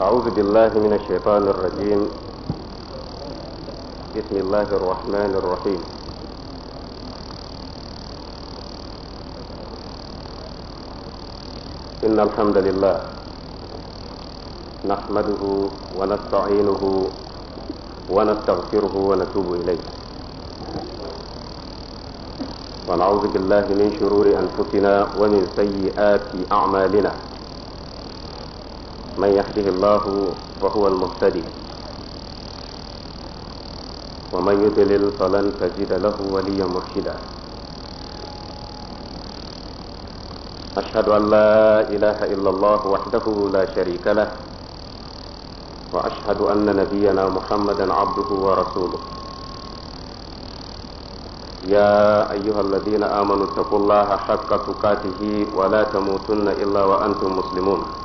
أعوذ بالله من الشيطان الرجيم بسم الله الرحمن الرحيم إن الحمد لله نحمده ونستعينه ونستغفره ونتوب إليه ونعوذ بالله من شرور أنفسنا ومن سيئات أعمالنا من يهده الله فهو المهتدي ومن يضلل فلن تجد له وليا مرشدا أشهد أن لا إله إلا الله وحده لا شريك له وأشهد أن نبينا محمدا عبده ورسوله يا أيها الذين آمنوا اتقوا الله حق تقاته ولا تموتن إلا وأنتم مسلمون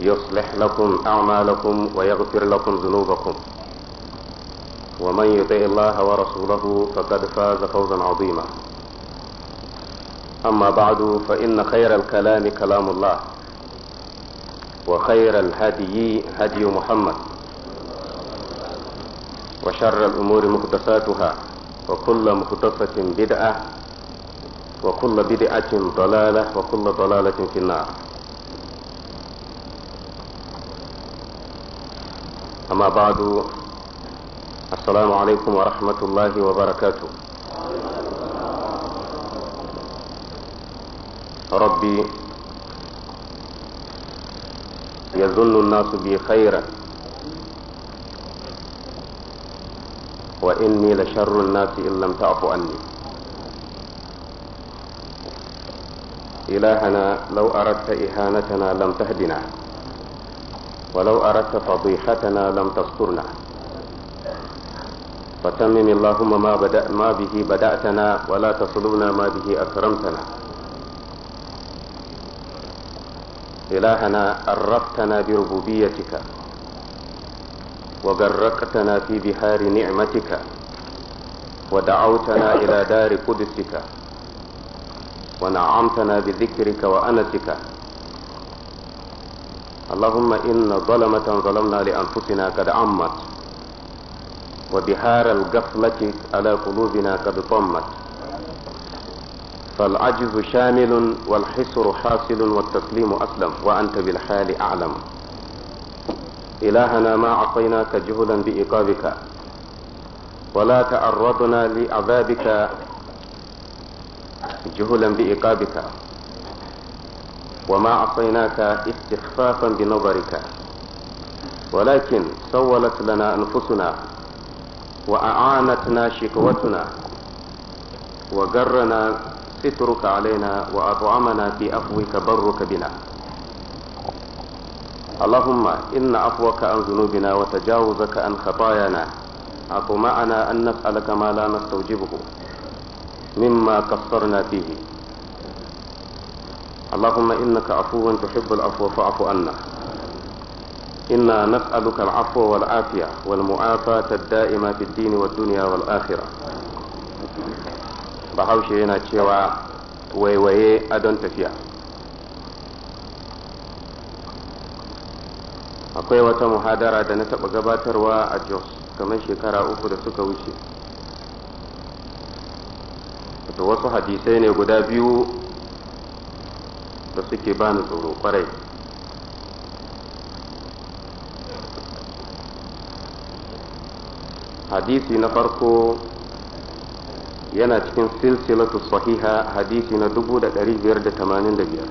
يصلح لكم أعمالكم ويغفر لكم ذنوبكم ومن يطع الله ورسوله فقد فاز فوزا عظيما أما بعد فإن خير الكلام كلام الله وخير الهدي هدي محمد وشر الأمور مقدساتها وكل مقدسة بدعة وكل بدعة ضلالة وكل ضلالة في النار أما بعد السلام عليكم ورحمة الله وبركاته ربي يظن الناس بي خيرا وإني لشر الناس إن لم تعفو عني إلهنا لو أردت إهانتنا لم تهدنا ولو أردت فضيحتنا لم تسترنا فتمم اللهم ما, بدأ ما به بدأتنا ولا تصلونا ما به أكرمتنا إلهنا أرقتنا بربوبيتك وغرقتنا في بحار نعمتك ودعوتنا إلى دار قدسك ونعمتنا بذكرك وأنسك اللهم إن ظلمة ظلمنا لأنفسنا قد عمت وبحار القفلة على قلوبنا قد طمت فالعجز شامل والحسر حاصل والتسليم أسلم وأنت بالحال أعلم إلهنا ما عطيناك جهلا بإيقابك ولا تعرضنا لعذابك جهلا بإيقابك وما أعطيناك استخفافا بنظرك ولكن سولت لنا أنفسنا وأعانتنا شكوتنا وجرنا سترك علينا وأطعمنا في عفوك برك بنا اللهم إن عفوك عن ذنوبنا وتجاوزك عن خطايانا أطمعنا أن نسألك ما لا نستوجبه مما قصرنا فيه اللهم إنك عفو تحب العفو فاعف عنا إنا نسألك العفو والعافية والمعافاة الدائمة في الدين والدنيا والآخرة bahaushe yana cewa waiwaye adon tafiya akwai wata muhadara da na taɓa gabatarwa a jos kamar shekara uku da suka wuce da wasu hadisai ne guda biyu da suke bani tsoro kwarai hadisi na farko yana cikin silsilatu sahiha hadisi na 1585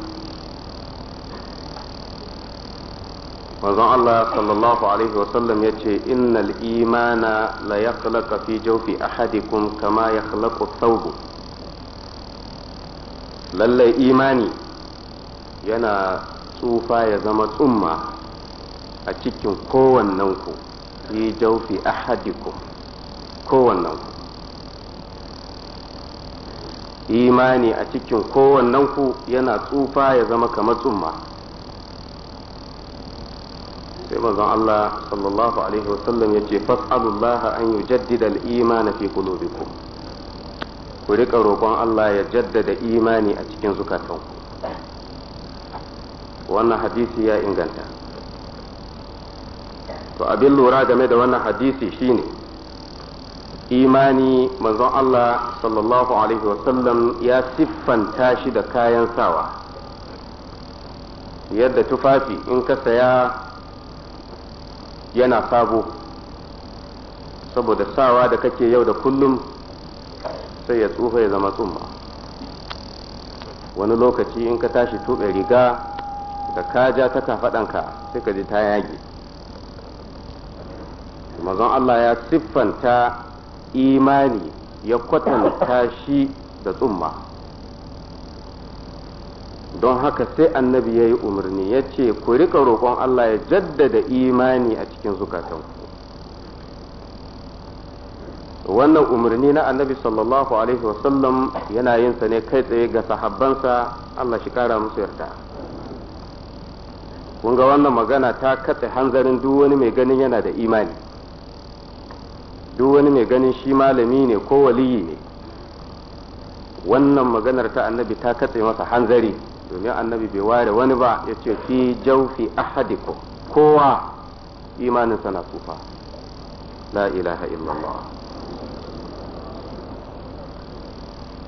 manzon Allah sallallahu alaihi wasallam ya ce innal imana la yakhlaqa fi jawfi ahadikum kama yakhlaqu thawb lallai imani yana tsufa ya zama tsumma a cikin kowannen ku yi jaufi ahadikum kowannen ku imani a cikin kowannen ku yana tsufa ya zama kamar tsumma sai manzon Allah sallallahu alaihi wasallam ya ce fas'alullaha an yujaddida al-imana fi qulubikum ku rika roƙon Allah ya jaddada imani a cikin zukatanku wannan hadisi ya inganta to abin lura game da wannan hadisi shine imani manzon Allah sallallahu alaihi wasallam ya siffanta shi da kayan sawa yadda tufafi in ka saya yana sabo saboda sawa da kake yau da kullum sai ya tsufa ya zama tsumma wani lokaci in ka tashi tuɓe riga da ka ja ta kafaɗanka sai ka ji ta yage mazan Allah ya siffanta imani ya kwatanta shi da tsumma don haka sai annabi ya yi umarni ya ce ku rika roƙon Allah ya jaddada imani a cikin zukatanku wannan umarni na annabi sallallahu alaihi wasallam yana yin sa ne kai tsaye ga sahabbansa Allah shi kara musu yarda kun ga wannan magana ta katse hanzarin duk wani mai ganin yana da imani duk wani mai ganin shi malami ne ko waliyi ne wannan maganar ta annabi ta katse masa hanzari domin annabi bai ware wani ba ya ce fi jaufi ahadikum kowa imaninsa na tsufa la ilaha illallah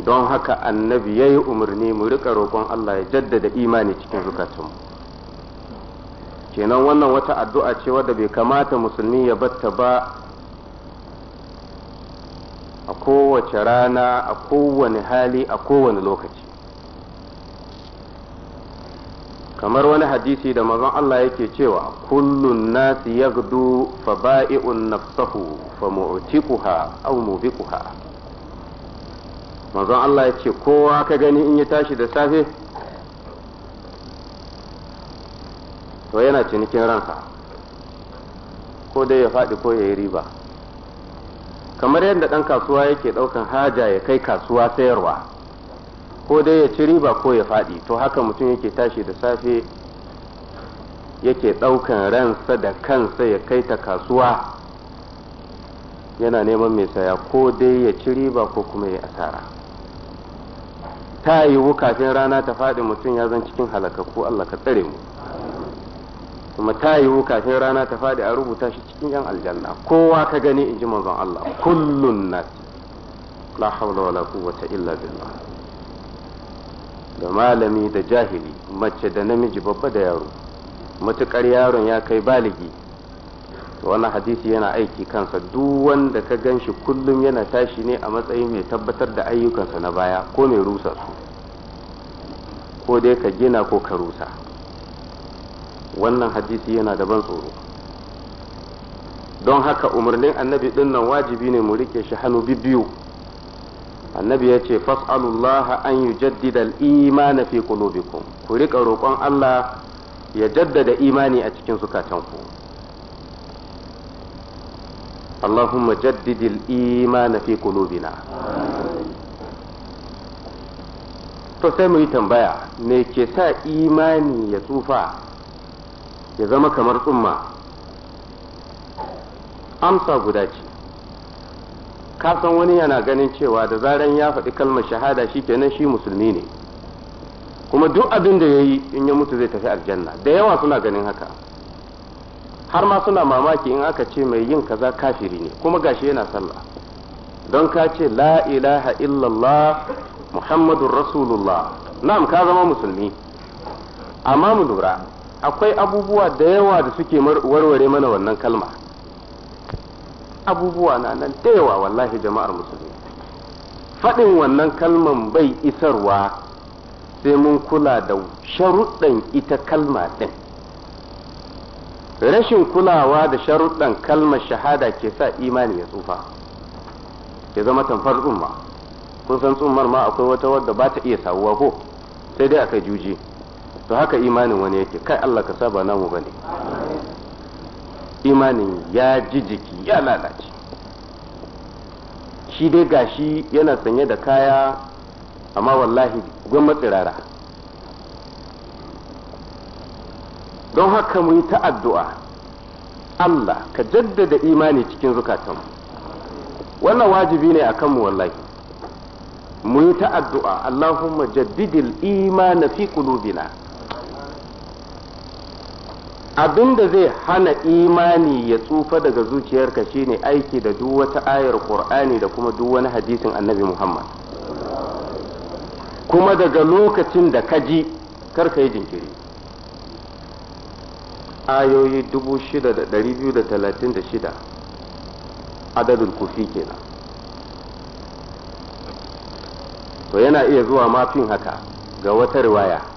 don haka annabi ya yi umarni mu rika roƙon Allah ya jaddada imani cikin zukatunmu kenan wannan wata addu'a ce wadda bai kamata musulmi ya batta ba a kowace rana a kowane hali a kowane lokaci kamar wani hadisi da mazan Allah yake cewa kullun nasi yagdu fa ba'i'un nafsahu fa mu'tiquha aw mubiquha mazan Allah ya ce kowa ka gani in ya tashi da safe to yana cinikin ransa ko dai ya faɗi ko ya yi riba kamar yadda ɗan kasuwa yake ɗaukan haja ya kai kasuwa sayarwa ko dai ya ci riba ko ya faɗi to haka mutum yake tashi da safe yake ɗaukan ransa da kansa ya kai ta kasuwa yana neman mai saya ko dai ya ci riba ko kuma ya asara ta yiwu kafin rana ta faɗi mutum ya zan cikin halakaku Allah ka tsare mu kuma ta yiwu kafin rana ta faɗi a rubuta shi cikin yan aljanna kowa ka gani in ji manzon Allah kullun nas la hawla wala quwwata illa billah da malami da jahili mace da namiji babba da yaro matukar yaron ya kai baligi wannan hadisi yana aiki kansa duk wanda ka gan shi kullum yana tashi ne a matsayin mai tabbatar da ayyukansa na baya ko mai rusa su ko dai ka gina ko ka rusa wannan hadisi yana da ban tsoro don haka umarnin annabi din wajibi ne mu rike shi hannu biyu annabi ya ce fas'alullah an yujaddida al-iman fi qulubikum ku rika roƙon Allah ya jaddada imani a cikin zukatanku jaddid al-iman fi qulubina to sai mu yi tambaya me ke sa imani ya tsufa ya zama kamar tsumma amsa guda ce kasan wani yana ganin cewa da zaran ya faɗi kalmar shahada shi kenan shi musulmi ne kuma duk abin da ya yi in ya mutu zai tafi aljanna da yawa suna ganin haka har ma suna mamaki in aka ce mai yin kaza kafiri ne kuma gashi yana sallah don ka ce la ilaha illallah muhammadun rasulullah na'am ka zama musulmi amma mu lura akwai abubuwa da yawa da suke warware mana wannan kalma abubuwa na nan da yawa wallahi jama'ar musulmi faɗin wannan kalman bai isarwa sai mun kula da sharuɗan ita kalma ɗin rashin kulawa da sharuɗan kalmar shahada ke sa imani ya tsufa ya zama tamfar tsumma kun san tsummar ma akwai wata wadda ba ta iya sawuwa ko sai dai aka juji to haka imanin wani yake kai Allah ka saba namu bane imanin ya ji jiki ya lalace shi dai gashi yana sanye da kaya amma wallahi gwan tsirara don haka mu yi ta'addu'a Allah ka jaddada imani cikin zukatanmu wannan wajibi ne a kanmu wallahi mu yi ta'addu'a Allahumma jaddidil imani fi qulubina abin da zai hana imani ya tsufa daga zuciyarka shine aiki da duk wata ayar qur'ani da kuma duk wani hadisin annabi muhammad kuma daga lokacin da ka ji karka yi jinkiri ayoyi 6,236 adadin kufi kenan to yana iya zuwa mafin haka ga wata riwaya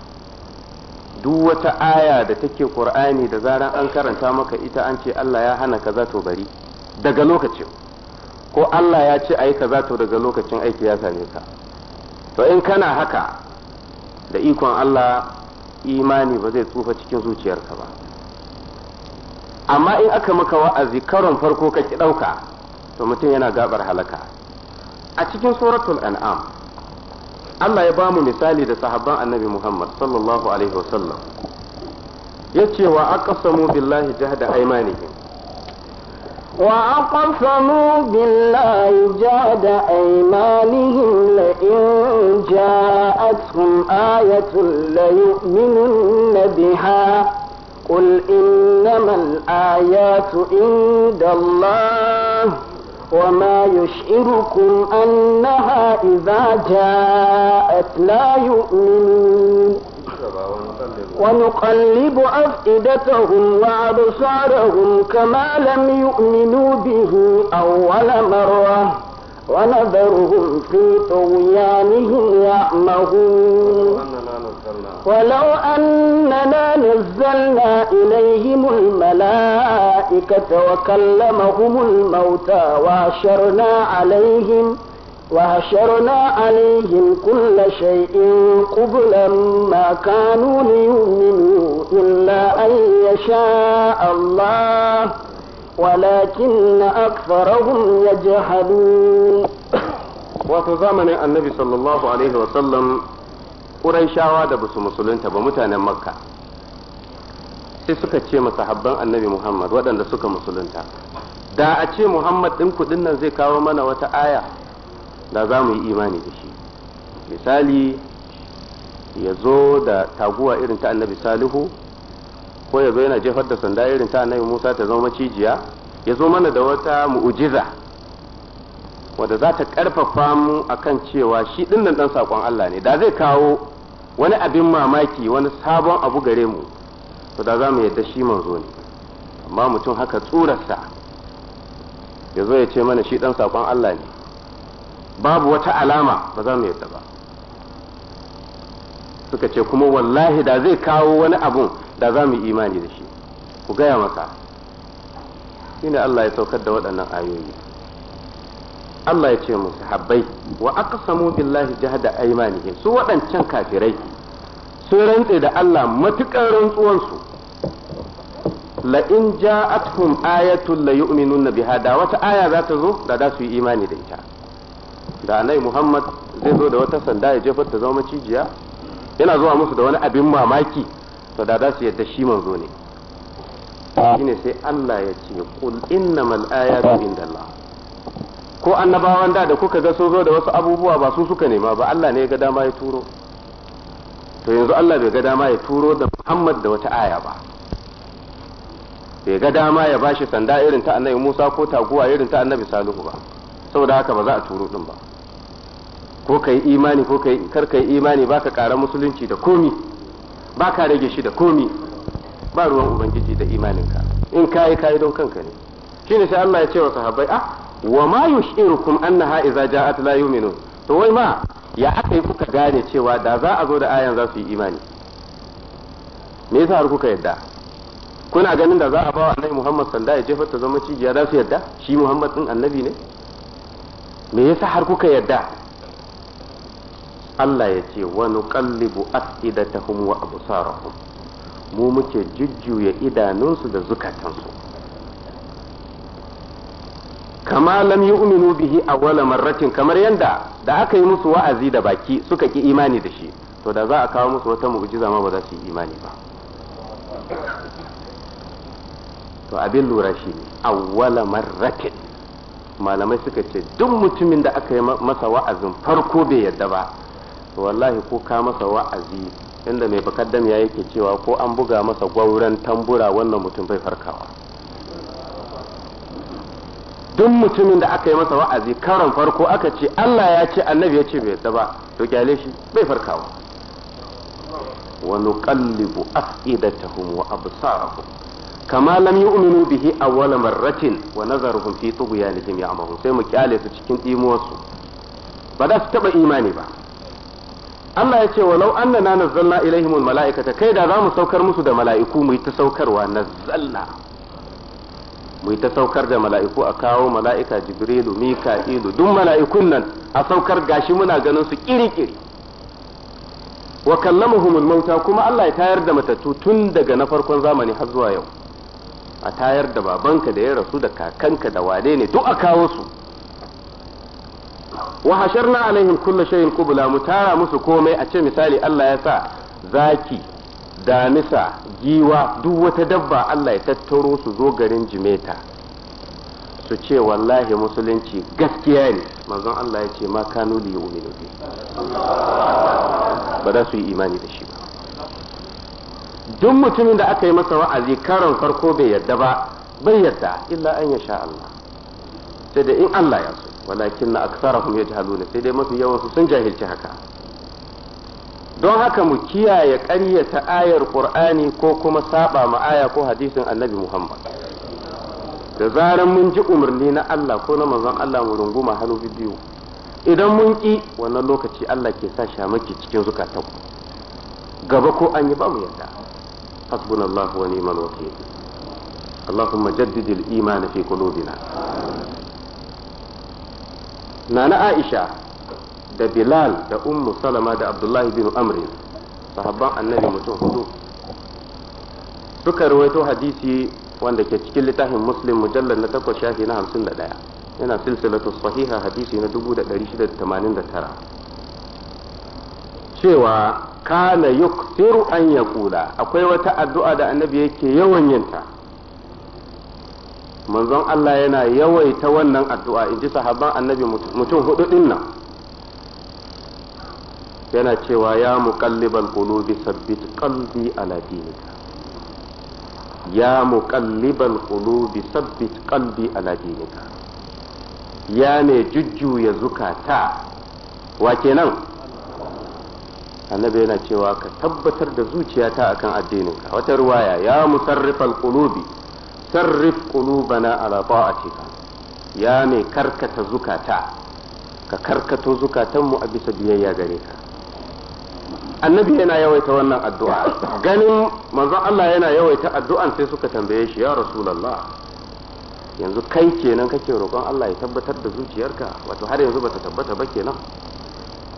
duk wata aya da take qur'ani da zaran an karanta maka ita an ce Allah ya hana kaza to bari daga lokacin ko Allah ya ce ayi kaza to daga lokacin aiki ya same ka to in kana haka da ikon Allah imani ba zai tsufa cikin zuciyarka ba amma in aka maka wa'azi karon farko ka ki ɗauka to mutum yana gabar halaka a cikin suratul an'am Allah ya ba mu misali da sahabban annabi Muhammad sallallahu alaihi wasallam ya ce wa aqsamu billahi jahda aymanihim وأقسموا بالله جهد أيمانهم لئن جاءتهم آية ليؤمنن بها قل إنما الآيات عند الله وما يشعركم أنها إذا جاءت لا يؤمنون ونقلب أفئدتهم وأبصارهم كما لم يؤمنوا به أول مرة ونذرهم في طغيانهم يعمهون ولو أننا نزلنا إليهم الملائكة وكلمهم الموتى وعشرنا عليهم وحشرنا عليهم كل شيء قبلا ما كانوا ليؤمنوا إلا أن يشاء الله walakin aktharahum yajhalun wato zamanin annabi sallallahu alaihi wa sallam shawa da basu musulunta ba mutanen makka sai suka ce masa habban annabi muhammad waɗanda suka musulunta da a ce muhammad ɗin kuɗin nan zai kawo mana wata aya da za mu yi imani da shi misali ya zo da taguwa irin ta annabi salihu ko ya zo yana jefar da sanda irin ta annabi Musa ta zama macijiya ya zo mana da wata mu'ujiza wanda za ta karfafa mu akan cewa shi dinnan dan sakon Allah ne da zai kawo wani abin mamaki wani sabon abu gare mu to da za mu yadda shi manzo ne amma mutum haka tsurarsa ya zo ya ce mana shi dan sakon Allah ne babu wata alama ba za mu yadda ba suka ce kuma wallahi da zai kawo wani abun da za mu imani da shi ku gaya masa shine Allah ya saukar da waɗannan ayoyi Allah ya ce musu habbai wa aqsamu billahi jahada aymanihim su waɗancan kafirai sun rantse da Allah matukar su la in ja'atkum ayatun la yu'minuna biha da wata aya za ta zo da za su yi imani da ita da annabi Muhammad zai zo da wata sanda ya jefar ta zama macijiya yana zuwa musu da wani abin mamaki to da za su yadda shi manzo ne ah. shine sai Allah ya ce qul innamal ayatu ah. indallah ko annabawan da da kuka ga sun zo da wasu abubuwa ba su suka nema ba Allah ne ya ga dama ya turo to yanzu Allah bai ga dama ya turo da Muhammad da wata aya ba bai ga dama ya bashi sanda irin ta annabi Musa ko taguwa irin ta annabi Salihu ba saboda haka ba za a turo din ba ko kai imani ko kai kar kai imani baka ƙara musulunci da komi ba ka rage shi da komi ba ruwan ubangiji da imaninka in kayi yi don kanka ne shi ne sai Allah ya ce wa sahabbai ah wa ma yushirukum annaha idza ja'at la yu'minun to wai ma ya aka kuka gane cewa da za a zo da ayan za su yi imani me yasa har kuka yadda kuna ganin da za a bawa annabi Muhammad sanda ya jefa ta zama cijiya za su yadda shi Muhammad din annabi ne me yasa har kuka yadda Allah ya ce wa nuqallibu afidatahum wa absarahum mu muke jujjuya idanunsu da zukatansu kama lam yu'minu bihi awwala marratin kamar yadda da aka yi musu wa'azi da baki suka ki imani da shi to da za a kawo musu wata mu'jiza ma ba za su yi imani ba to abin lura shi ne awwala marratin malamai suka ce duk mutumin da aka yi masa wa'azin farko bai yadda ba to wallahi ko ka masa wa'azi inda mai bakaddam ya yake cewa ko an buga masa gwauran tambura wannan mutum bai farkawa duk mutumin da aka yi masa wa'azi karon farko aka ce Allah ya ce annabi ya ce bai yadda ba to kyale shi bai farkawa wa nuqallibu afidatahum wa absarahum kama lam yu'minu bihi awwala marratin wa nazaruhum fi tughyanihim ya'mahun sai mu kyale su cikin su ba za su taba imani ba Allah ya ce walau annana nazzalna ilaihimul mala'ikata kai da za mu saukar musu da mala'iku mu yi ta saukarwa nazzalna mu yi ta saukar da mala'iku a kawo mala'ika jibrilu mika'ilu duk mala'ikun nan a saukar gashi muna ganin su kirikiri wa kallamuhumul mauta kuma Allah ya tayar da matattu tun daga na farkon zamani har zuwa yau a tayar da babanka da ya rasu da kakanka da wane ne duk a kawo su wa hasharna alaihim kullu shay'in qubla mu tara musu komai a ce misali Allah ya sa zaki damisa giwa duk wata dabba Allah ya tattaro su zo garin jimeta su ce wallahi musulunci gaskiya ne manzon Allah ya ce ma kanu li yu'minu bi ba za su yi imani da shi ba duk mutumin da aka yi masa wa'azi karon farko bai yarda ba bai yarda illa an yasha Allah sai da in Allah ya so walakin na aksarahum yajhaluna sai dai mafi yawan su sun jahilci haka don haka mu kiyaye ƙaryata ayar qur'ani ko kuma saba ma aya ko hadisin annabi muhammad da zaran mun ji umarni na Allah ko na manzon Allah mu runguma hannu biyu idan mun ki wannan lokaci Allah ke sa shamaki cikin ku gaba ko an yi ba mu yadda hasbunallahu wa ni'mal wakeel اللهم جدد الإيمان في قلوبنا nana aisha da bilal da ummu salama da abdullahi bin amr sahabban annabi mutum hudu suka rawaito hadisi wanda ke cikin littafin muslim mujallar na takwas shafi na hamsin da ɗaya yana silsilatu sahiha hadisi na dubu da dari shida da tamanin da tara cewa kana yuktiru an ya kula akwai wata addu'a da annabi yake yawan yinta manzon Allah yana yawaita wannan addu'a in ji sahabban annabi mutum hudu din yana cewa ya muqallibal qulubi sabbit qalbi ala dinika ya muqallibal qulubi sabbit qalbi ala dinika ya ne jujjuya zukata wa kenan annabi yana cewa ka tabbatar da zuciyata akan addininka wata ruwaya ya musarrifal qulubi sarrif qulubana ala ta'atika ya mai karkata zukata ka karkato zukatanmu a bisa biyayya gare ka annabi yana yawaita wannan addu'a ganin manzon Allah yana yawaita addu'an sai suka tambaye shi ya rasulullah yanzu kai kenan kake roƙon Allah ya tabbatar da zuciyarka wato har yanzu ta tabbata ba kenan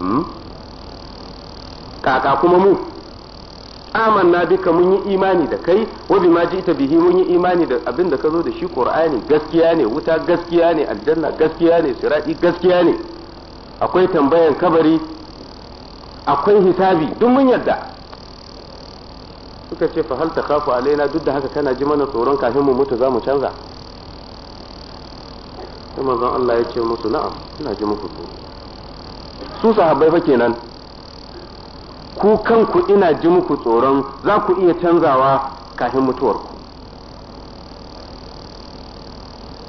hmm? kaka kuma mu amanna bika mun yi imani da kai wa bima ji'ta bihi mun yi imani da abin da ka zo da shi qur'ani gaskiya ne wuta gaskiya ne aljanna gaskiya ne sirati gaskiya ne akwai tambayan kabari akwai hisabi duk mun yarda suka ce fa hal takhafu alaina duk da haka kana ji mana tsoron kafin mu mutu zamu canza sai manzon Allah ya ce musu na'am ina ji muku tsoro su sahabbai fa kenan ku kanku ina ji muku tsoron za ku iya canzawa kafin mutuwarku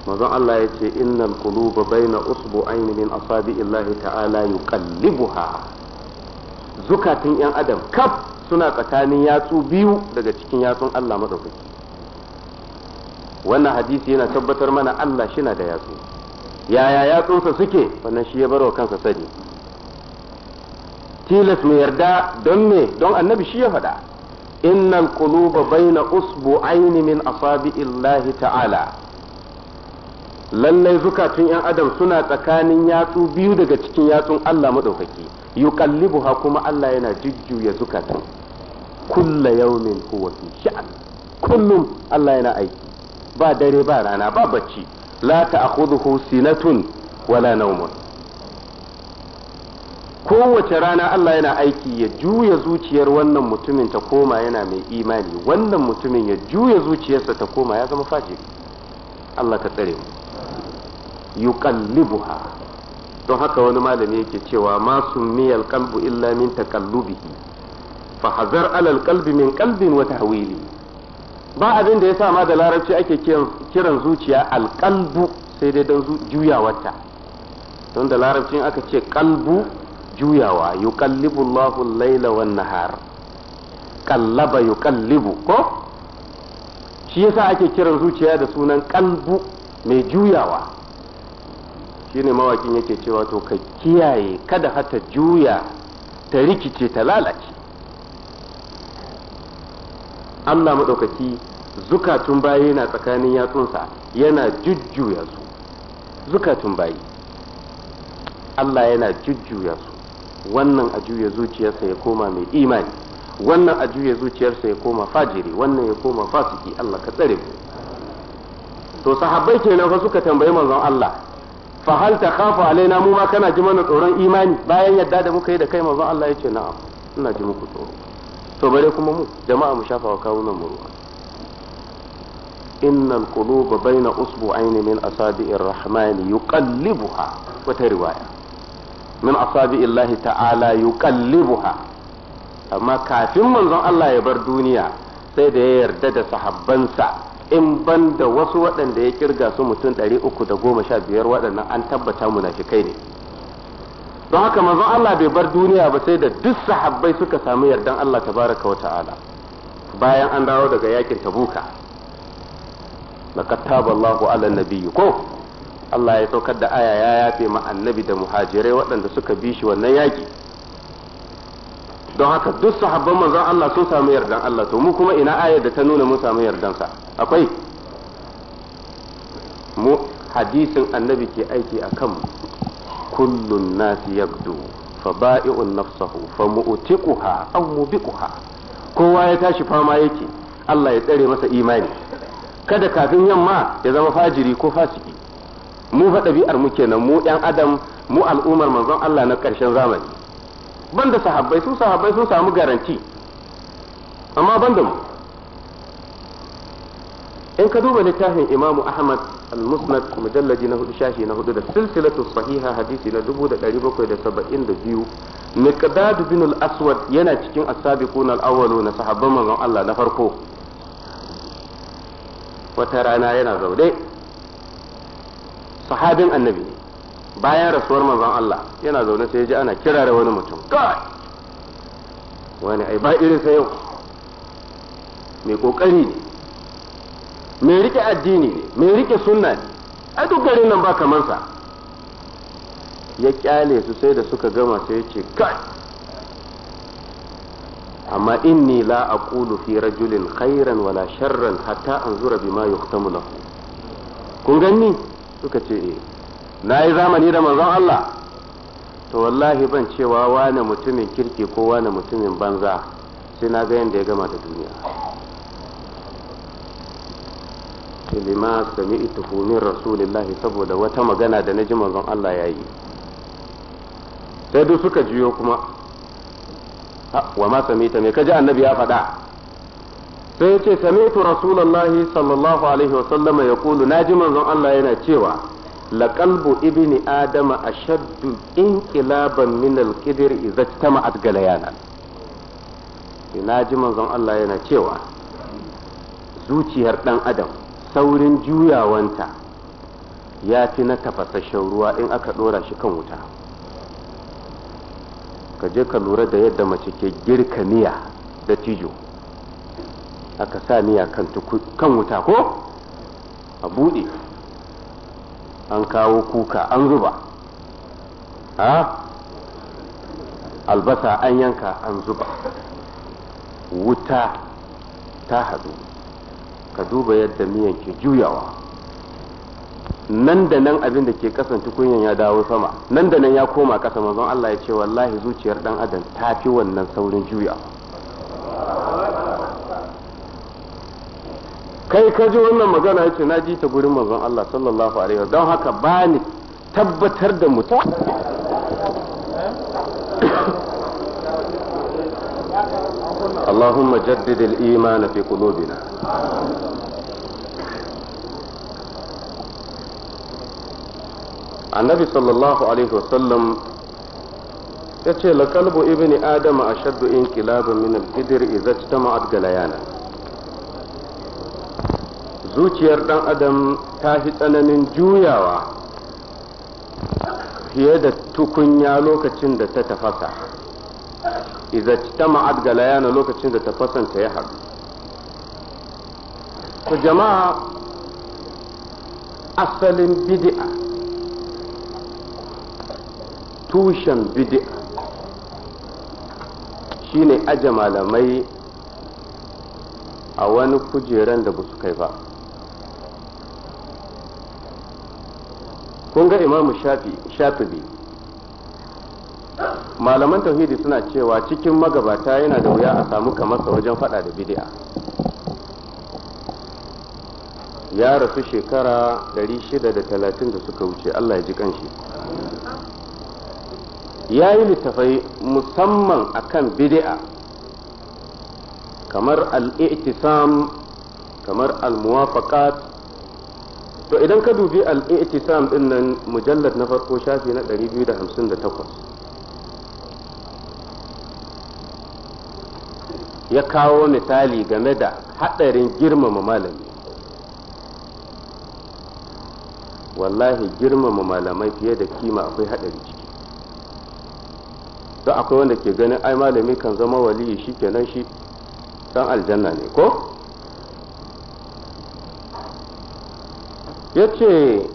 mazan Allah ya ce innal quluba baina usbu'aini min asabi'illahi ta'ala yuqallibuha zukatun yan adam kaf suna tsakanin yatsu biyu daga cikin yatsun Allah madaukaki wannan hadisi yana tabbatar mana Allah shi na da yatsu yaya yatsunsa suke wannan shi ya wa kansa sani tilas mai yarda don me don annabi shi ya faɗa innal quluba baina usbu'ain min asabi'illahi ta'ala lallai zukatun yan adam suna tsakanin yatsu biyu daga cikin yatsun Allah madaukaki yuqallibuha kuma Allah yana jujjuya zukatun kulla yawmin huwa fi sha'an kullum Allah yana aiki ba dare ba rana ba bacci la ta'khudhuhu sinatun wala nawmun kowace rana Allah yana aiki ya juya zuciyar wannan mutumin ta koma yana mai imani wannan mutumin ya juya zuciyarsa ta koma ya zama fajiri Allah ka tsare mu yuqallibuha don haka wani malami yake cewa ma miyar qalbu illa min taqallubihi fa hazar alal qalbi min qalbin wa tahwili ba abin da sa ma da larabci ake kiran zuciya alqalbu sai dai don juyawarta don da larabcin aka ce qalbu juyawa yuqallibu Allahu al-laila wan nahar qallaba yuqallibu ko shi yasa ake kiran zuciya da sunan kalbu mai juyawa shine mawakin yake cewa to ka kiyaye kada hata juya ta rikice ta lalace Allah maɗaukaci zukatun bayi na tsakanin yatsunsa yana jujjuya su zukatun bayi Allah yana jujjuya su wannan a juya zuciyarsa ya koma mai imani wannan a juya zuciyarsa ya koma fajiri wannan ya koma fasiki Allah ka tsare ku to sahabbai kenan fa suka tambayi manzon Allah fa hal khafu alaina mu ma kana ji mana tsoron imani bayan yadda da muka yi da kai manzon Allah yace na'am ina ji muku tsoro to bare kuma mu jama'a mu shafa wa kawunan mu ruwa innal quluba baina usbu'aini min asabi'ir rahmani yuqallibuha wata riwaya min illahi ta'ala yuqallibuha amma kafin manzon Allah ya bar duniya sai da ya yarda da sahabbansa in ban da wasu waɗanda ya kirga su mutum 315 waɗannan an tabbata munafikai ne don haka manzon Allah bai bar duniya ba sai da duk sahabbai suka samu yardan Allah tabaraka wa ta'ala bayan an dawo daga yakin tabuka laqad taba Allahu ala nabiyyi ko Allah ya saukar da aya ya yafe ma annabi da muhajirai waɗanda suka bi shi wannan yaƙi don haka duk sahabban manzon Allah sun samu yardan Allah to mu kuma ina ayar da ta nuna mun samu yardan sa akwai mu hadisin annabi ke aiki akan kanmu kullun nasi yabdu fa ba'i'un nafsahu fa mu'tiquha aw mubiquha kowa ya tashi fama yake Allah ya tsare masa imani kada kafin yamma ya zama fajiri ko fasiki mu fa ɗabi'ar mu kenan mu ɗan adam mu al'ummar manzon Allah na ƙarshen zamani banda sahabbai su sahabbai sun samu garanti amma banda mu in ka duba littafin imamu ahmad al-musnad mujallaji na hudu shashi na hudu da silsilatu sahiha hadisi na dubu da ɗari bakwai da saba'in da biyu miqdad bin al-aswad yana cikin as-sabiqun al na sahabban manzon Allah na farko wata rana yana zaune sahabin annabi ne bayan rasuwar manzon Allah yana zaune sai ji ana kira da wani mutum kai wani ai ba irin sa yau mai kokari ne mai rike addini ne mai rike sunna ne ai duk garin nan ba kamar sa ya kyale su sai da suka gama sai ya ce kai amma inni la aqulu fi rajulin khairan wala sharran hatta anzura bima yuhtamu lahu kun ganni suka ce eh na yi zamani da manzon Allah to wallahi ban cewa wani mutumin kirki ko wani mutumin banza sai na ga yadda ya gama da duniya Kilima sami'tuhu min rasulillahi saboda wata magana da na ji manzon Allah yayi sai duk suka jiyo kuma wa ma sami ta me ji annabi ya faɗa sai ya ce sami'tu rasulullahi sallallahu alaihi wa sallama ya kulu na ji manzon Allah yana cewa laƙalbu ibni adama ashaddu inqilaban min al idza tama'at galayana na ji manzon Allah yana cewa zuciyar dan adam saurin juyawanta ya fi na tafasasshen ruwa in aka dora shi kan wuta ka je ka lura da yadda mace ke girka miya da tijo aka sa miya kan wuta ko a buɗe an kawo kuka an zuba ha albasa an yanka an zuba wuta ta haɗu ka duba yadda miyan ke juyawa nan da nan abin da ke kasan tukunyan ya dawo sama nan da nan ya koma ƙasa manzon Allah ya ce wallahi zuciyar ɗan adam ta fi wannan saurin juyawa kai ka ji wannan magana yace na ji ta gurin manzon Allah sallallahu alaihi wasallam don haka bani tabbatar da mutum اللهم جدد الإيمان في قلوبنا النبي صلى الله عليه وسلم yace la kalbu ibni adama ashaddu inqilaba min al-qidr idza ijtama'at galayana zuciyar ɗan adam ta fi tsananin juyawa fiye da tukunya lokacin da ta tafasa idan ta ma'ad yana lokacin da tafasanta ya haɗu ku jama'a asalin bid'a tushen bid'a shine aje malamai a wani kujeran da ba su kai ba kun ga imamu shafi'i malaman tauhidi suna cewa cikin magabata yana da wuya a samu kamarsa wajen fada da bid'a ya rasu shekara 630 da suka wuce Allah ya ji kanshi ya yi littafai musamman akan bid'a kamar al-i'tisam kamar al-muwafaqat to idan ka dubi al-i'tisam din nan mujallad na farko shafi na 258 ya kawo misali game da hadarin girmama malami wallahi girmama malamai fiye da kima akwai hadari ciki don akwai wanda ke ganin ai malami kan zama waliyi shi kenan shi dan aljanna ne ko ya ce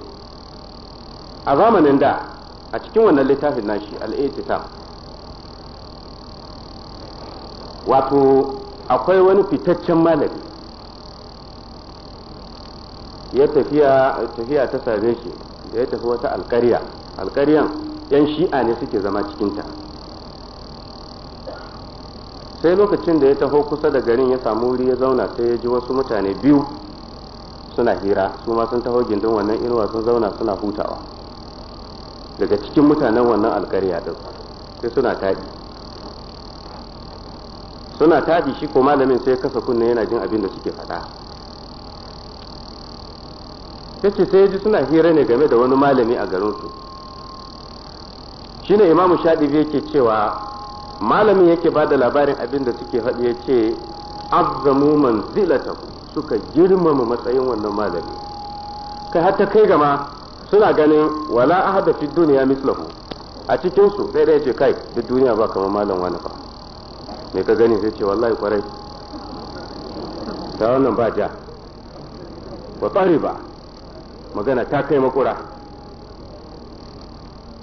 a zamanin da a cikin wannan littafin nashi al'aitika wato akwai wani fitaccen malami ya tafiya ta same shi da ya tafi wata alkariya alkariyan yan shi'a ne suke zama cikinta sai lokacin da ya taho kusa da garin ya samu wuri ya zauna sai ya ji wasu mutane biyu suna hira su ma sun taho gindin wannan inuwa sun zauna suna hutawa daga cikin mutanen wannan alkariya din sai suna taɗi suna taɗi shi ko malamin sai kasa kunne yana jin abin da suke faɗa yace sai ji suna hira ne game da wani malami a garin su shine imamu shaɗibi yake cewa malamin yake bada labarin abin da suke faɗi yace azzamu manzilatahu suka girmama matsayin wannan malami kai har ta kai gama suna ganin wala ahada fi duniya mislahu a cikin su sai dai ce kai duk duniya ba kamar malam wani ba me ka gani sai ce wallahi kwarai ta wannan ba ja wa ba magana ta kai makura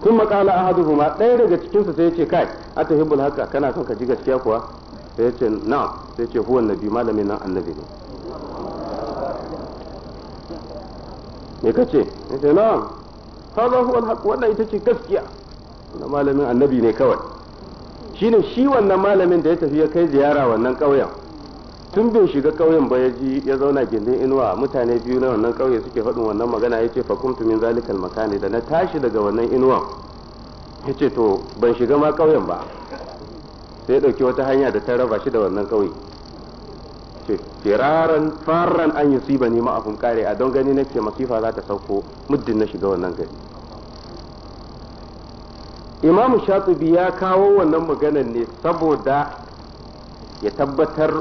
kun makala ahaduhuma ɗaya daga cikinsu sai ya ce kai a hibbul haka kana son ka ji gaskiya kuwa sai ya ce na sai ce huwan nabi malamin nan annabi ne me kace ce na hadha huwa alhaq wannan ita ce gaskiya wannan malamin annabi ne kawai shine shi wannan malamin da ya tafi ya kai ziyara wannan ƙauyen tun bai shiga ƙauyen ba ya ji ya zauna gindin inuwa mutane biyu na wannan ƙauye suke faɗin wannan magana ya ce fakuntu min zalikal makani da na tashi daga wannan inuwan ya ce to ban shiga ma ƙauyen ba sai ya ɗauki wata hanya da ta raba shi da wannan ƙauye ce firaran farran an ba ni ma'afin kare a don gani nake masifa za ta sauko muddin na shiga wannan gari imamu shatibi ya kawo wannan maganar ne saboda ya tabbatar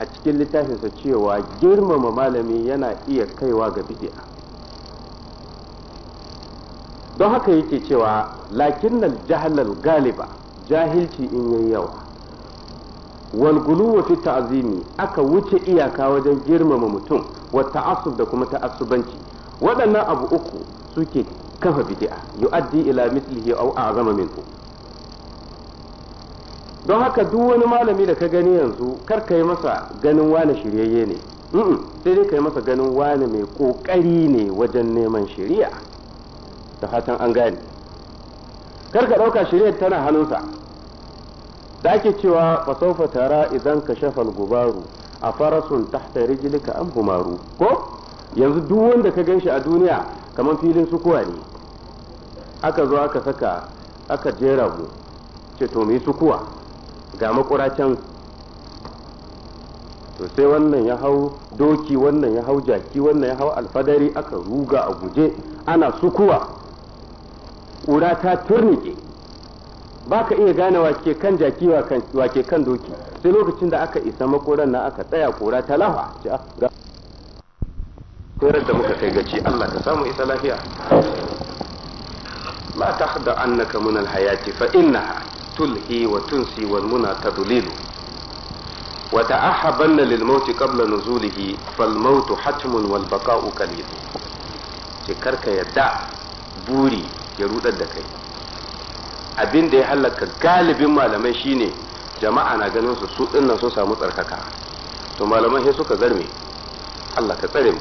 a cikin littafinsa cewa girmama malami yana iya kaiwa ga bid'a don haka yake cewa lakinnal jahalal galiba jahilci in yi yawa wal guluwu fi ta'zimi aka wuce iyaka wajen girmama mutum wa ta'assub da kuma ta'assubanci waɗannan abu uku suke kafa bid'a yu'addi ila mithlihi aw a'zama minhu don haka duk wani malami da ka gani yanzu kar ka yi masa ganin wani shiryayye ne sai dai ka yi masa ganin wani mai kokari ne wajen neman shiriya da fatan an gane kar ka ɗauka shiriyar tana hannunsa da ake cewa fasaufa tara idan ka shafal gubaru a farasun tahta rijlika an humaru ko yanzu duk wanda ka ganshi a duniya kamar filin su sukuwa ne aka zo aka saka aka jera mu ce to su sukuwa ga makuracen to sai wannan ya hau doki wannan ya hau jaki wannan ya hau alfadari aka ruga a guje ana sukuwa ƙura ta turnike ba ka iya gane wake kan jaki wake kan doki sai lokacin da aka isa makoran na aka tsaya kora talawa ah, ga koyar da muka kai gaci Allah ka samu isa lafiya la tahda annaka min alhayati fa innaha tulhi wa tunsi wal muna tadlilu wa ta'ahabanna lil mauti qabla nuzulihi fal mautu hatmun wal baqa'u cikar ce karka yadda buri ya rudar da kai abin da ya halaka galibin malamai shine jama'a na ganin su su dinnan sun samu tsarkaka to malaman sai suka zarme Allah ka tsare mu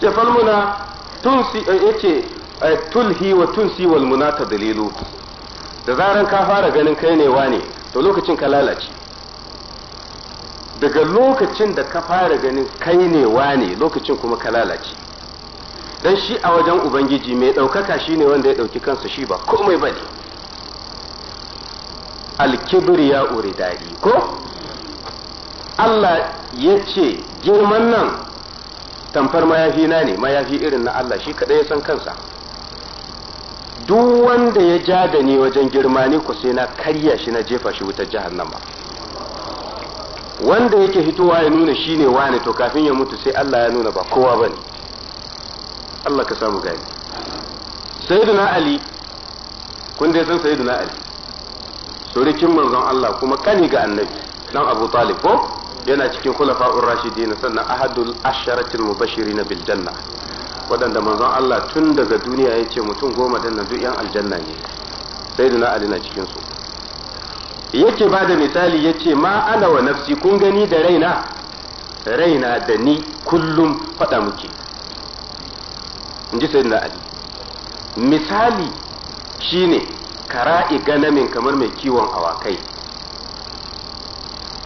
jafal muna tunsi eh, yace eh, tulhi wa tunsi wal munata dalilu da zaran ka fara ganin kai ne wane to lokacin ka lalace daga lokacin da ka fara ganin kai ne wane lokacin kuma ka lalace dan shi a wajen ubangiji mai ɗaukaka shine wanda ya ɗauki kansa shi ba komai bane Alkibir ya uri dadi ko Allah ya ce girman nan tamfar mayafi na ne mayafi irin na Allah shi kaɗai ya san kansa duk wanda ya ja da ni wajen girma ni ku sai na karya shi na jefa shi wutar jahannama wanda yake hitowa ya nuna shi ne wane to kafin ya mutu sai Allah ya nuna ba kowa ba ne Allah ka samu gani sayyiduna ali kun dai san sayyiduna ali surikin manzon Allah kuma kani ga annabi dan Abu Talib ko yana cikin khulafa'ur rashidin sannan ahadul asharatil mubashirin bil janna waɗanda manzon Allah tun daga duniya ya ce mutum goma din nan duk yan aljanna ne sayyidina Ali na cikin su yake ba da misali yace ce ma ana wa nafsi kun gani da raina raina da ni kullum faɗa muke in ji sayyidina Ali misali shine kara'i ganamin kamar mai kiwon awakai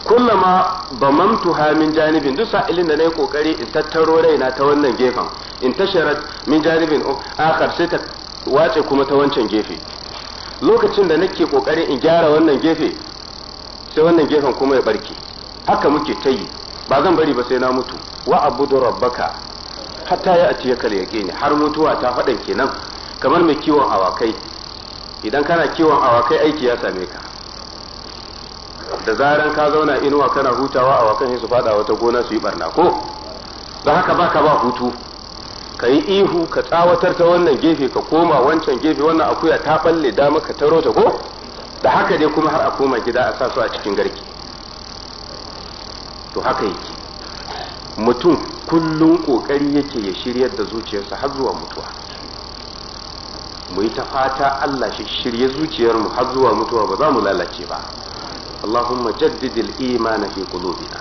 kullama ha min janibin duk sa'ilin da na yi kokari in tattaro raina ta wannan gefen in tashara min janibin um, akhar sai ta wace kuma ta wancan gefe lokacin da nake kokari in gyara wannan gefe sai wannan gefen kuma ya barke haka muke tayi yi ba zan bari ba sai na mutu wa abudu rabbaka hatta ya ati ya yaqini har mutuwa ta faɗan kenan kamar mai kiwon awakai idan kana kiwon awakai aiki ya same ka da zaran ka zauna inuwa kana hutawa awakan sai su fada wata gona su yi barna ko don haka baka ba hutu ka yi ihu ka tsawatar ta wannan gefe ka koma wancan gefe wannan akuya ta balle dama ka taro ta ko da haka dai kuma har a koma gida a sa su a cikin garki to haka yake mutum kullum kokari yake ya shiryar da zuciyarsa har zuwa mutuwa mu yi ta fata Allah shi shirye zuciyar mu har zuwa mutuwa ba za mu lalace ba Allahumma jaddid al-iman fi qulubina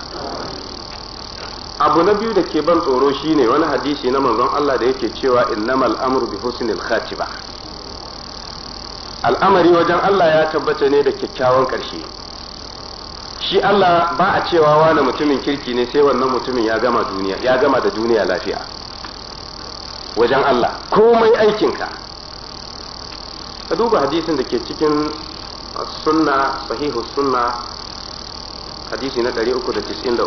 abu na biyu da ke ban tsoro shine wani hadisi na manzon Allah da yake cewa innamal amru bi husnil khatiba al'amari wajen Allah ya tabbata ne da kyakkyawan karshe shi Allah ba a cewa wani mutumin kirki ne sai wannan mutumin ya gama duniya ya gama da duniya lafiya wajen Allah komai aikinka ka duba hadisin da ke cikin sunna sahihu sunna hadisi na 393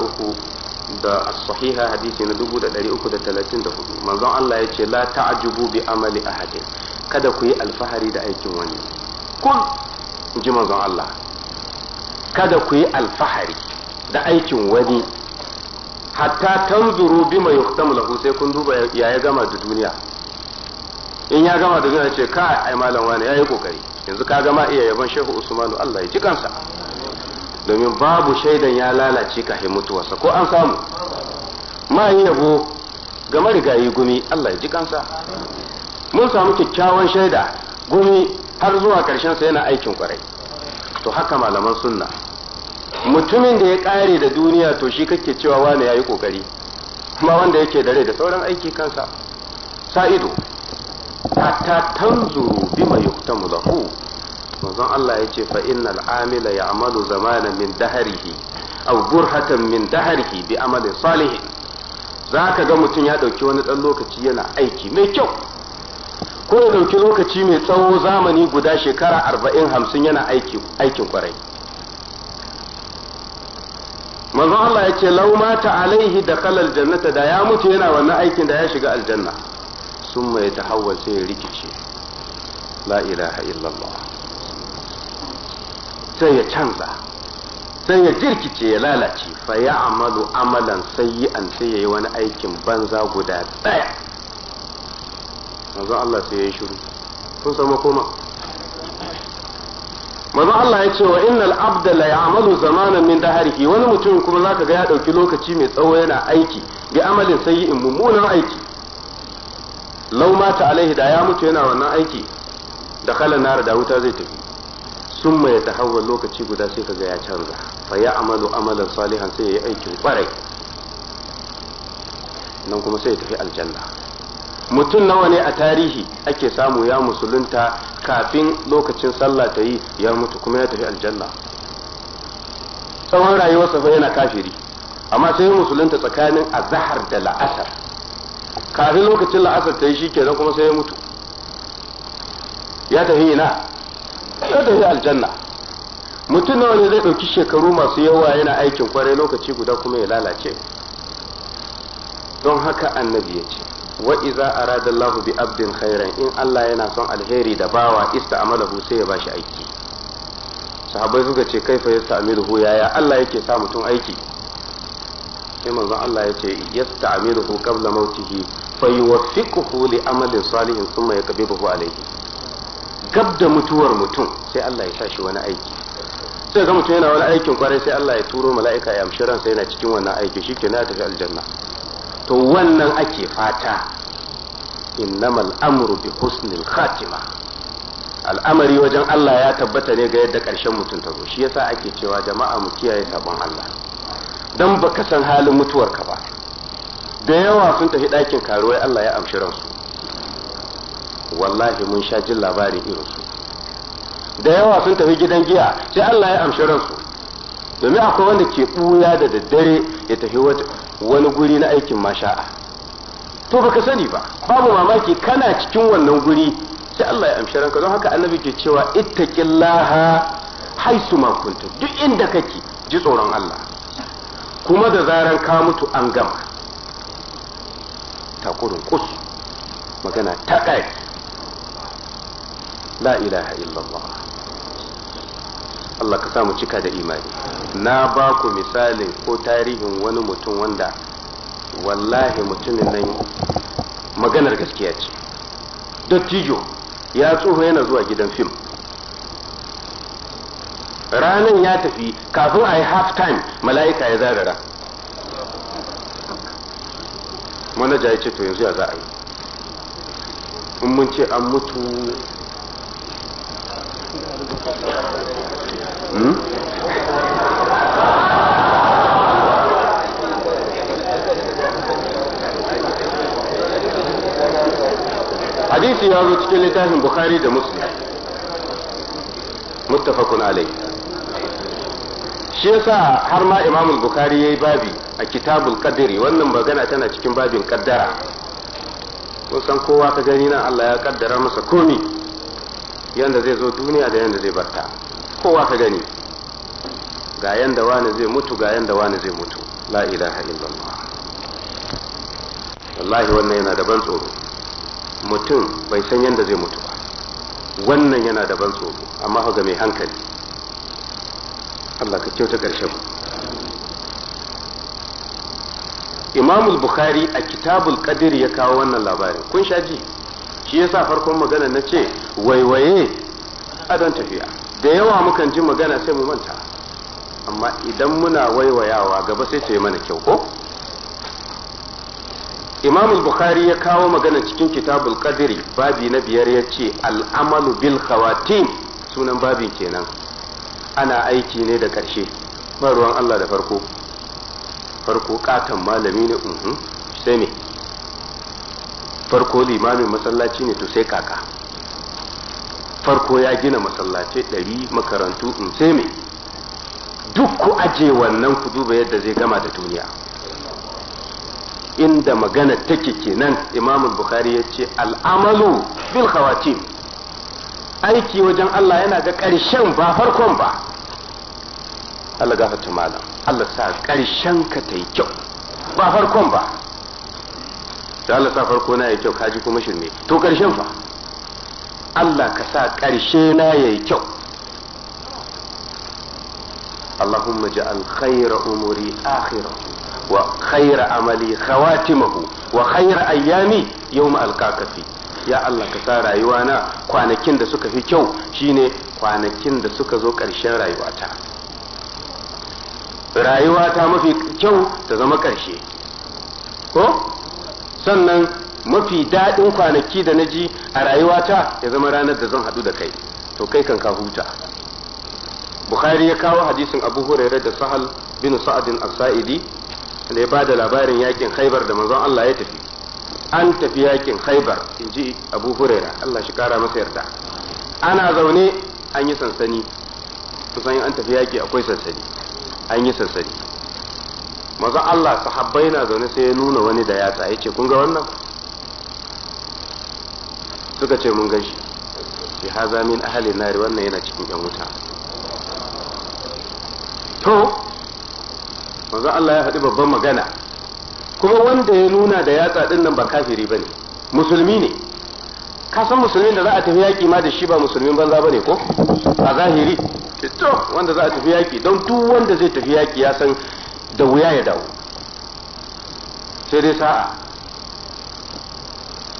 da sahiha hadisi na 334 manzon Allah ya ce la ta'jubu bi amali ahadin kada ku yi alfahari da aikin wani kun ji manzon Allah kada ku yi alfahari da aikin wani hatta tanzuru bima yuhtamu lahu sai kun duba ya gama da duniya in ya gama da zai ce ka ai malam wani yayi kokari yanzu ka gama iya yaban shehu usmanu Allah ya ji kansa domin babu shaidan ya lalace ka kafin mutuwarsa ko an samu ma yi yabo ga marigayi gumi Allah ya ji kansa mun samu kyakkyawan shaida gumi har zuwa karshen sa yana aikin kwarai to haka malaman sunna mutumin da ya kare da duniya to shi kake cewa wani yayi kokari kuma wanda yake da rai da sauran aiki kansa sa ido hatta tanzuru bima yuktamu lahu manzon Allah yace fa innal amila ya'malu zamanan min dahrihi aw burhatan min dahrihi bi amali salihin zaka ga mutum ya dauki wani dan lokaci yana aiki mai kyau ko ya dauki lokaci mai tsawo zamani guda shekara 40 50 yana aiki aikin kwarai manzon Allah yace law mata alaihi da kalal jannata da ya mutu yana wannan aikin da ya shiga aljanna summa ya tahawwal sai ya rikice la illallah sai ya canza sai ya jirkice ya lalace fa ya amalu amalan sayyi'an sai ya yi wani aikin banza guda ɗaya manzon Allah sai ya yi shiru sun san makoma manzon Allah ya ce wa innal abda la ya'malu zamanan min daharihi wani mutum kuma zaka ga ya dauki lokaci mai tsawo yana aiki bi amalin sayyi'in mummunan aiki lau mata alaihi da ya mutu yana wannan aiki da kalan nara da wuta zai tafi sun mai ta hawa lokaci guda sai ka ya canza fa ya amalu amalan salihan sai ya yi aikin kwarai nan kuma sai ya tafi aljanna mutum nawa ne a tarihi ake samu ya musulunta kafin lokacin sallah ta yi ya mutu kuma ya tafi aljanna tsawon rayuwarsa fa yana kafiri amma sai musulunta tsakanin azahar da la'asar kafin lokacin la'asar ta yi shi kenan kuma sai ya mutu ya tafi ina ya tafi aljanna mutum nawa ne zai ɗauki shekaru masu yawa yana aikin kwarai lokaci guda kuma ya lalace don haka annabi ya ce wa iza arada Allah bi abdin khairan in Allah yana son alheri da bawa ista'malahu sai ya ba shi aiki sahabbai suka ce kai kaifa yasta'miluhu yaya Allah yake sa mutum aiki sai manzon Allah ya ce yasta'miruhu qabla mautihi fayuwaffiquhu li amalin salihin thumma yaqbiduhu alayhi gab da mutuwar mutum sai Allah ya tashi wani aiki sai ga mutum yana wani aikin kwarai sai Allah ya turo mala'ika ya amshi ransa yana cikin wannan aiki shike na tafi aljanna to wannan ake fata innamal amru bi husnil khatima al'amari wajen Allah ya tabbata ne ga yadda ƙarshen mutum ta zo shi yasa ake cewa jama'a mu kiyaye sabon Allah dan baka san halin mutuwarka ba da yawa sun tafi ɗakin karuwai Allah ya amshi ransu wallahi mun sha jin labarin irinsu da yawa sun tafi gidan giya sai Allah ya amshi ransu domin akwai wanda ke ɓuya da daddare ya tafi wani guri na aikin masha'a to baka sani ba babu mamaki kana cikin wannan guri sai Allah ya amshi ranka don haka annabi ke cewa ittaqillaha haisu ma duk inda kake ji tsoron Allah kuma da zaran ka mutu an gama takurin kus magana ta ƙari la ilaha illallah Allah ka samu cika da imani na ba ku misalin ko tarihin wani mutum wanda wallahi mutumin nan maganar gaskiya ce dattijo ya tsoho yana zuwa gidan fim ranan ya tafi kafin a yi half time mala'ika ya zarara manaja ya ce to yanzu ya za a yi in mun ce an mutu hmm? hadisi ya zo cikin littafin bukhari da muslim muttafaqun alayhi shi yasa har ma imam bukhari yayi babi a kitabul kadiri wannan magana tana cikin babin kaddara kun san kowa ka gani na Allah ya kaddara masa komi yanda zai zo duniya da yanda zai barta kowa ka gani ga yanda wani zai mutu ga yanda wani zai mutu la ilaha illallah wallahi wannan yana da ban tsoro mutum bai san yanda zai mutu ba wannan yana da ban tsoro amma ga mai hankali Allah ka kyauta ƙarshen Imam Bukhari a Kitabul Qadir ya kawo wannan labarin kun sha ji shi yasa farkon magana na ce waiwaye adon tafiya da yawa mukan ji magana sai mu manta amma idan muna waiwayawa gaba sai ta yi mana kyau ko Imam Bukhari ya kawo magana cikin Kitabul qadir babi na biyar ya ce amalu bil khawatim sunan babin kenan ana aiki ne da ƙarshe ba ruwan Allah da farko farko katon malami ne uhun sai ne farko limamin masallaci ne to sai kaka farko ya gina masallaci ɗari makarantu in sai me duk ku aje wannan ku duba yadda zai gama da duniya inda magana take kenan imamul bukhari ya ce al'amalu bil khawatim aiki wajen Allah yana ga ƙarshen ba farkon ba Allah gafarta malam Allah sa karshen ka ta yi kyau ba farkon ba da Allah sa farko na yi kyau kaji kuma shirme to karshen fa Allah ka sa karshe na yi kyau Allahumma ja'al اجعل umuri أموري wa وخير amali khawatimahu wa أيامي ayami yawm فيه ya Allah ka sa rayuwana kwanakin da suka fi kyau shine kwanakin da suka zo ƙarshen rayuwata rayuwa ta mafi kyau ta zama ƙarshe ko sannan mafi daɗin kwanaki da na ji a rayuwata ya zama ranar da zan haɗu da kai to kai kan ka huta bukhari ya kawo hadisin abu hurairah da sahal bin sa'adin as-sa'idi da ya bada labarin yakin haibar da manzon Allah ya tafi an tafi yakin in inji abu hurairah Allah shi kara masa yarda ana zaune an yi sansani kusan an tafi yaki akwai sansani an yi sassari maza Allah sahabbai na zaune sai ya nuna wani da yatsa ya ce kun ga wannan suka ce mun gashi shi haza min ahalin nari wannan yana cikin yan wuta to maza Allah ya haɗi babban magana kuma wanda ya nuna da yatsa ɗin nan ba kafiri ba ne musulmi ne ka san musulmin da za a tafi yaƙi ma da shi ba musulmin banza bane ko a zahiri to wanda za a tafi yaƙi don duk wanda zai tafi yaƙi ya san da wuya ya dawo sai dai sa'a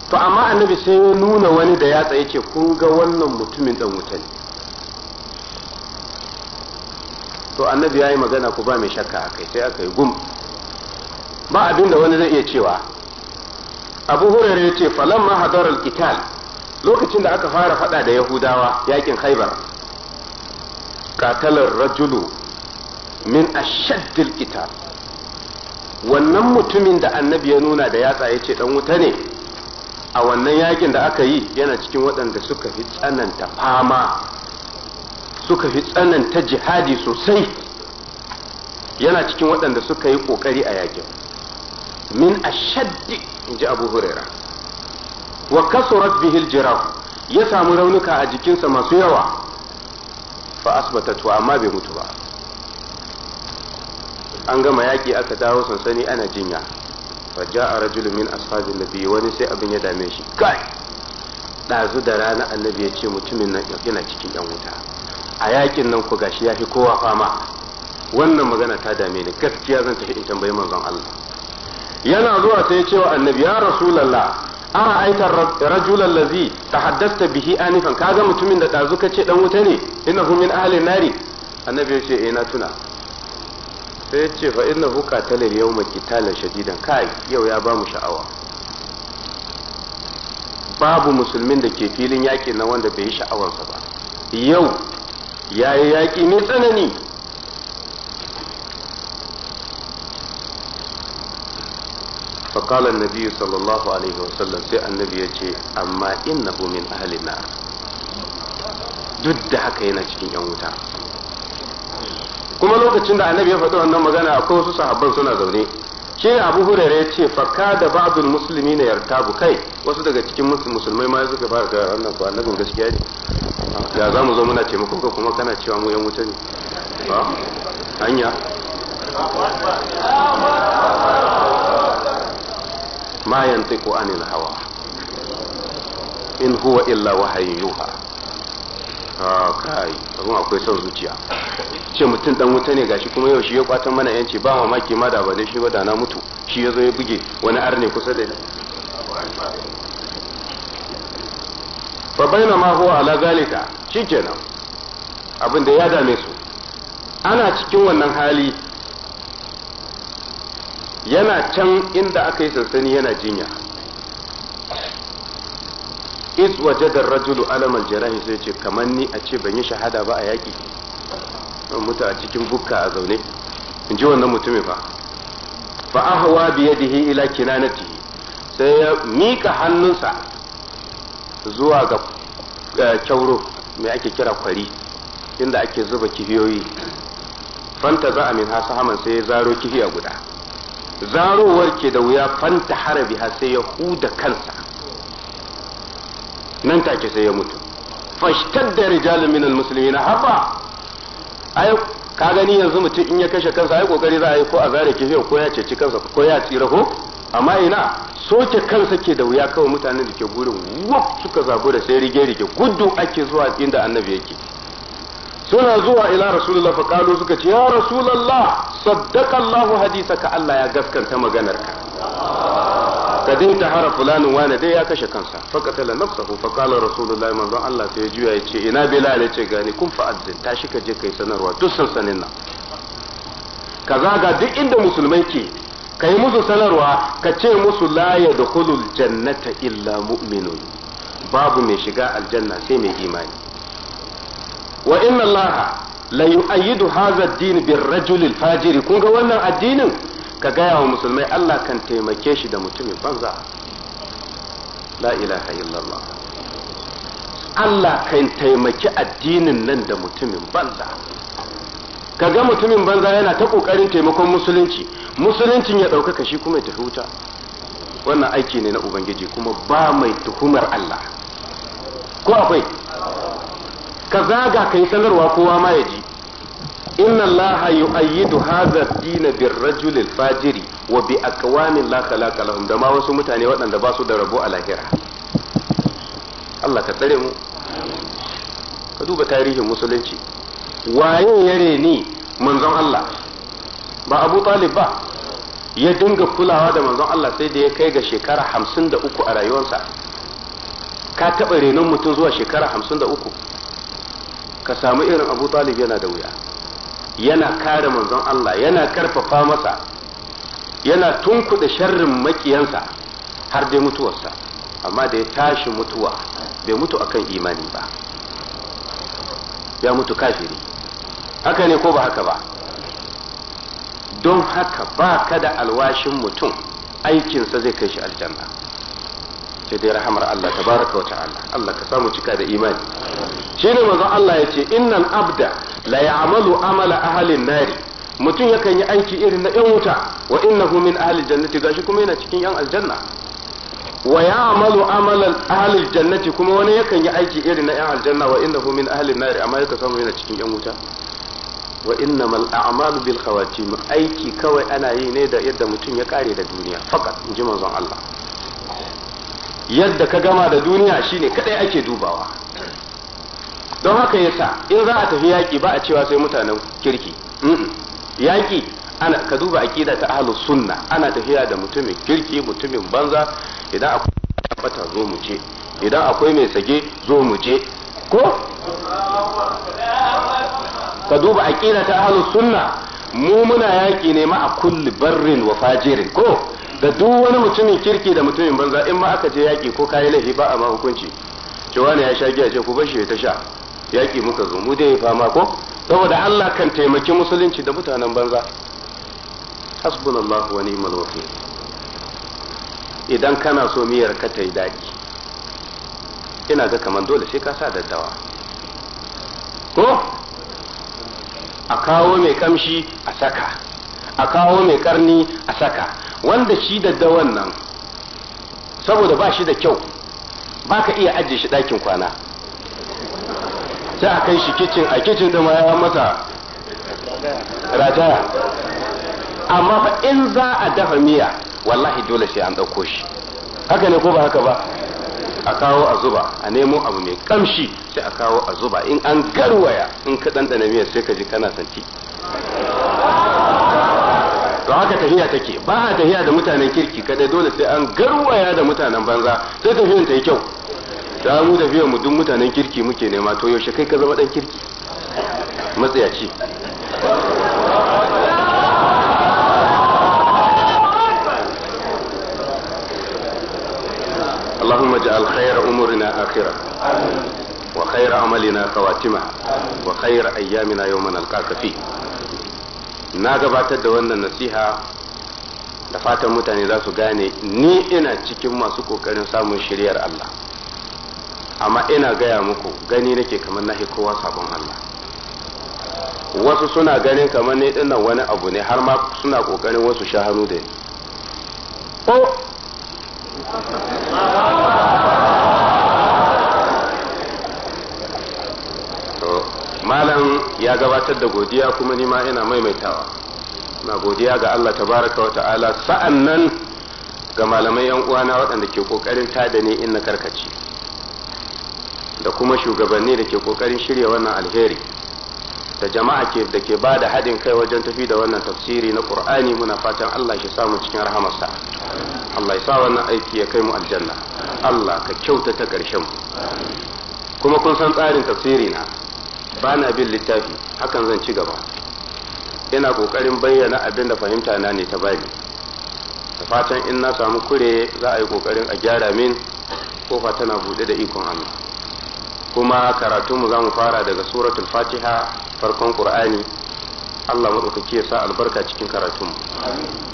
to amma annabi sai ya nuna wani da ya tsaye ce kun ga wannan mutumin dan wuta ne to annabi ya yi magana ku ba mai shakka a kai sai aka yi gum ba abin da wani zai iya cewa abu hurairu ya ce falamma hadar al-qital lokacin da aka fara fada da yahudawa yakin haibar qatalar rajulu min ashaddil ita wannan mutumin da annabi ya nuna da yatsa ya ce dan wuta ne a wannan yakin da aka yi yana cikin waɗanda suka fi tsananta fama suka fi tsananta jihadi sosai yana cikin waɗanda suka yi ƙoƙari a yakin min ashaddi in ji abu huraira wa kasurat bihil jirah ya samu raunuka a jikinsa masu yawa fa asbatatu amma bai mutu ba an gama yaki aka dawo sansani ana jinya fa ja'a rajulun min ashabi nabi wani sai abin ya dame shi kai ɗazu da rana annabi ya ce mutumin nan yana cikin yan wuta a yakin nan ku gashi ya fi kowa fama wannan magana ta dame ni gaskiya zan tafi in tambayi manzon Allah yana zuwa sai ya ce wa annabi ya rasulullah a aita rajulan lazi haddasta bihi anifan kaga mutumin da dazu ce dan wuta ne hu min ahli nari annabi ya ce eh na tuna sai ya ce fa hu qatala al-yawma qitalan shadidan kai yau ya ba mu sha'awa babu musulmin da ke filin yaƙi na wanda bai yi sha'awarsa ba yau yayi yaƙi ne tsanani فقال النبي صلى الله عليه وسلم سي النبي يجي أما إنه من أهل النار duk da haka yana cikin yan wuta kuma lokacin da annabi ya faɗi wannan magana akwai wasu sahabban suna zaune shi ne abu hurairu ya ce faka da babin musulmi na yarta bu kai wasu daga cikin musulmai ma suka fara ga wannan ko annabin gaskiya ne ya za mu zo muna ce muku kuma kana cewa mu yan wuta ne hanya. ma yantiqu anil hawa in huwa illa wahayin yuha kai abin akwai son zuciya ce mutum dan wuta ne gashi kuma yau shi ya kwatan mana yanci ba mamaki ma da ba ne shi ba da na mutu shi ya zo ya buge wani arne kusa da fa baina ma huwa ala zalika shikenan abin da ya dame su ana cikin wannan hali yana can inda aka yi sansani yana jinya iz wajadar rajulu alamar jarahi sai ce kamar ni a ce ban yi shahada ba a yaƙi mutu a cikin bukka a zaune in ji wannan mutumin fa fa ahwa bi yadihi ila kinanati sai ya mika hannunsa zuwa ga eh, kyauro mai ake kira kwari inda ake zuba kihiyoyi fanta za a min hasa haman sai ya zaro kihiya guda zarowar ke da wuya fanta harabi ha sai ya huda kansa nan take sai ya mutu fashtar da rijalin minal musulmi na haɓa ai ka gani yanzu mutum in ya kashe kansa ai kokari za a yi ko a zare kifiyar ko ya ceci kansa ko ya tsira ko amma ina soke kansa ke da wuya kawai mutanen da ke gurin wuf suka zago da sai rige rige gudu ake zuwa inda annabi yake suna zuwa ila rasulullah fa kalu suka ce ya rasulullah saddaka allah hadithaka Allah ya gaskanta maganarka ka ta hara fulanin wani dai ya kashe kansa fa katala nafsahu fa kala rasulullah manzo Allah sai ya juya ya ce ina bilal ya ce gani kun fa azzin tashi ka je kai sanarwa duk sansanin nan kaza ga duk inda musulmai ke ka musu sanarwa ka ce musu la ya dukhulul jannata illa mu'minun babu mai shiga aljanna sai mai imani wa inna allaha la yu'ayyidu hadha ad-din bir-rajul al-fajir kun ga wannan addinin ka gaya wa musulmai Allah kan taimake shi da mutumin banza la ilaha illallah Allah kan taimaki addinin nan da mutumin banza kaga mutumin banza yana ta kokarin taimakon musulunci musuluncin ya ɗaukaka shi kuma ya tafi wuta wannan aiki ne na ubangiji kuma ba mai tuhumar Allah ko akwai ka zaga ka yi sanarwa kowa ma ya ji inna Allah yu'ayyidu hadha ad-din bir-rajul fajiri wa bi aqwamin la khalaqa lahum da ma wasu mutane waɗanda ba su da rabo a lahira Allah ka tsare mu ka duba tarihin musulunci waye ya reni manzon Allah ba Abu Talib ba ya dinga kulawa da manzon Allah sai da ya kai ga shekara hamsin da uku a rayuwarsa ka taɓa renon mutum zuwa shekara hamsin da uku ka samu irin abu talib yana da wuya yana kare manzon Allah yana karfafa masa yana tunkuɗa sharrin makiyansa har dai mutuwarsa amma da ya tashi mutuwa bai mutu akan imani ba ya mutu kafiri haka ne ko ba haka ba don haka ba ka da alwashin mutum aikinsa zai kai shi aljanna sai dai rahamar Allah tabaraka wa ta'ala Allah ka samu cika da imani ne manzo Allah ya yace innal abda la ya'malu amala ahalin nari mutum yakan yi aiki irin na yan wuta wa innahu min ahli jannati gashi kuma yana cikin yan aljanna wa ya'malu amalan ahli jannati kuma wani yakan yi aiki irin na yan aljanna wa innahu min ahli nari amma yakan samu yana cikin yan wuta wa innamal a'malu bil khawatim aiki kawai ana yi ne da yadda mutum ya kare da duniya fakat inji manzon Allah yadda ka gama da duniya shine kadai ake dubawa don haka yasa in za a tafi yaƙi ba a cewa sai mutanen kirki yaƙi ana ka duba aqida ta ahlus sunna ana tafiya da mutumin kirki mutumin banza idan akwai bata zo mu je idan akwai mai sage zo mu je ko ka duba aqida ta ahlus sunna mu muna yaƙi ne ma a kulli barrin wa fajirin ko ga duk wani mutumin kirki da mutumin banza in ma aka je yaki ko kayi laifi ba a ma hukunci cewa ne ya sha giya ce ku bar shi ya sha yaki muka zo mu dai fama ko saboda Allah kan taimaki musulunci da mutanen banza hasbunallahu wa ni'mal wakil idan kana so miyar ka ta yi daɗi ina ga kaman dole sai ka sa daddawa ko a kawo mai kamshi a saka a kawo mai karni a saka wanda shi daddawan nan saboda ba shi da kyau ba ka iya ajiye shi ɗakin kwana sai a kai shi kicin a kicin da ma ya masa rataya amma fa in za a dafa miya wallahi dole sai an ɗauko shi haka ne ko ba haka ba a kawo a zuba a nemo abu mai ƙamshi sai a kawo a zuba in an garwaya in ka ɗanɗana miya sai ka ji kana santi to haka tahiya take ba a tahiya da mutanen kirki kadai dole sai an garwaya da mutanen banza sai tafiyan ta yi kyau da mu mu duk mutanen kirki muke nema to yaushe kai ka zama dan kirki matsayaci اللهم اجعل خير امورنا اخره وخير عملنا خواتمه وخير ايامنا يوم نلقاك فيه na gabatar da wannan nasiha da fatan mutane za su gane ni ina cikin masu kokarin samun shiryar Allah amma ina gaya muku gani nake kamar nahi kowa sabon Allah wasu suna ganin kamar ne dinnan wani abu ne har ma suna kokarin wasu sha hannu da ni oh! malam ya gabatar da godiya kuma ni ma ina maimaitawa na godiya ga Allah tabaraka wa ta'ala sa'annan ga malamai yan uwana waɗanda ke kokarin tada ni in na karkace da kuma shugabanni da ke kokarin shirya wannan alheri da jama'a ke da ke ba da haɗin kai wajen tafi da wannan tafsiri na qur'ani muna fatan Allah shi samu cikin rahamarsa Allah ya sa wannan aiki ya kai mu aljanna Allah ka kyautata ƙarshen mu kuma kun san tsarin tafsiri na ba na bin littafi hakan zan ci gaba ina kokarin bayyana abin da fahimta na ne ta bani da fatan in na samu kure za a yi kokarin a gyara min kofa tana buɗe da ikon Allah kuma karatunmu za mu fara daga suratul fatiha farkon qur'ani Allah madaukaki ya sa albarka cikin karatun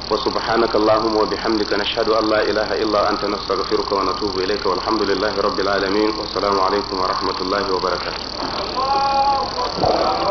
wa subhanaka allahumma wa bihamdika nashhadu an la ilaha illa anta nastaghfiruka wa natubu ilayka walhamdulillahi rabbil alamin wa assalamu alaikum wa rahmatullahi wa barakatuh